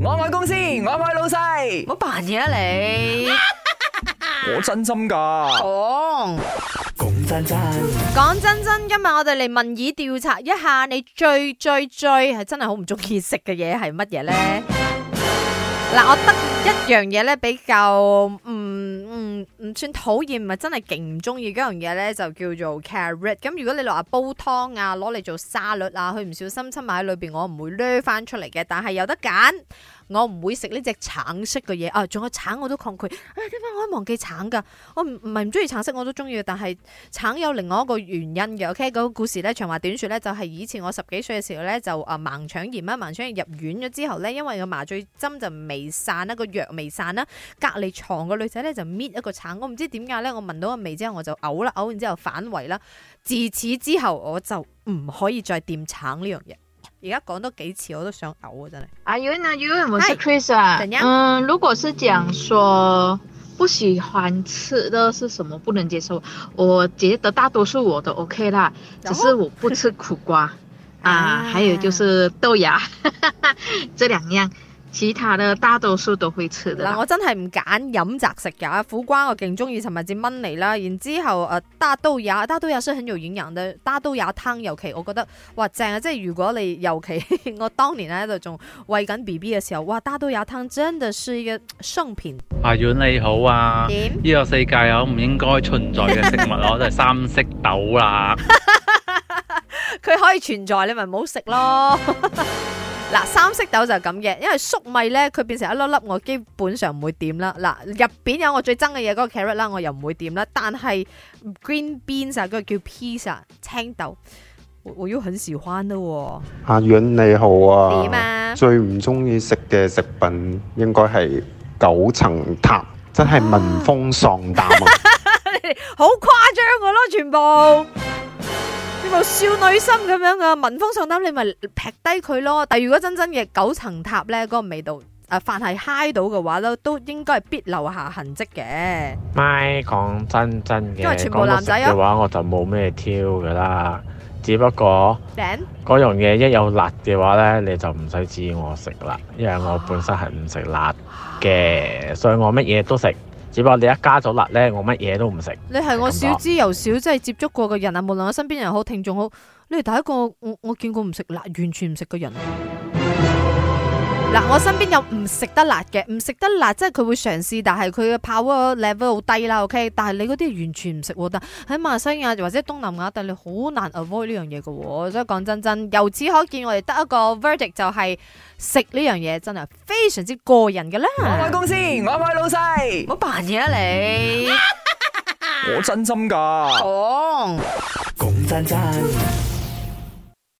我買公司，我買老細，我扮嘢啊你！ 我真心噶，講講、哦、公真真，講真真，今日我哋嚟民意調查一下，你最最最係真係好唔中意食嘅嘢係乜嘢咧？嗱，我得一樣嘢咧，比較唔唔唔算討厭，唔係真係勁唔中意嗰樣嘢咧，就叫做 carrot。咁如果你落煲湯啊，攞嚟做沙律啊，佢唔小心侵埋喺裏邊，我唔會掠翻出嚟嘅。但係有得揀。我唔會食呢隻橙色嘅嘢啊！仲有，橙我都抗拒。啊，點解我忘記橙㗎？我唔唔係唔中意橙色，我都中意。但係橙有另外一個原因嘅。OK，嗰個故事咧，長話短說呢，就係、是、以前我十幾歲嘅時候呢，就啊盲腸炎啦，盲腸炎，盲腸炎入院咗之後呢，因為個麻醉針就未散啦，個藥未散啦，隔籬床個女仔呢就搣一個橙，我唔知點解呢，我聞到個味之後我就嘔啦，嘔完之後反胃啦。自此之後我就唔可以再掂橙呢樣嘢。而家講多幾次我都想嘔啊！真係。啊，因為呢，因為我是 Chris 啊。嗯，如果是講說不喜歡吃的是什麼，不能接受，我覺得大多數我都 OK 啦，後只是我不吃苦瓜， 啊，啊還有就是豆芽， 這兩樣。其他呢，大多數都會吃的嗱，我真係唔揀飲擇食嘅。苦瓜我，我勁中意尋日至炆嚟啦。然之後誒，大豆芽大豆芽雖然有營養的大豆芽湯，尤其，其我覺得哇正啊！即係如果你尤其我當年喺度仲餵緊 B B 嘅時候，哇大豆芽湯真的是一個聖品。阿源！你好啊，呢樣個世界有唔應該存在嘅食物哦、啊，都係三色豆啦。佢可以存在，你咪唔好食咯。 嗱，三色豆就咁嘅，因為粟米咧，佢變成一粒粒，我基本上唔會點啦。嗱，入邊有我最憎嘅嘢嗰個 carrot 啦，我又唔會點啦。但係 green beans 嗰、啊嗰個叫 pizza 青豆，我我又很喜歡咯、哦。阿允、啊、你好啊，點啊？最唔中意食嘅食品應該係九層塔，真係聞風喪膽啊！ 好誇張噶咯，全部。 少女心咁樣啊，文風上等，你咪劈低佢咯。但如果真真嘅九層塔咧，嗰個味道，誒、啊，凡係嗨到嘅話咧，都應該係必留下痕迹嘅。咪講真真嘅，因為全部男仔嘅啊，我就冇咩挑噶啦，只不過嗰 Then? 樣嘢一有辣嘅話咧，你就唔使指我食啦，因為我本身係唔食辣嘅，啊、所以我乜嘢都食。只不你一加咗辣咧，我乜嘢都唔食。你係我少之又少，即係接觸過嘅人啊！無論我身邊人好，聽眾好，你係第一個我我見過唔食辣，完全唔食嘅人。嗱，我身邊有唔食得辣嘅，唔食得辣即係佢會嘗試，但係佢嘅 power level 好低啦，OK？但係你嗰啲完全唔食得，喺馬來西亞或者東南亞，但係你好難 avoid 呢樣嘢嘅，所以講真真，由此可見我哋得一個 verdict 就係食呢樣嘢真係非常之過人嘅啦。」我問公司，我問老細，冇扮嘢啊，你， 我真心噶，講講真真。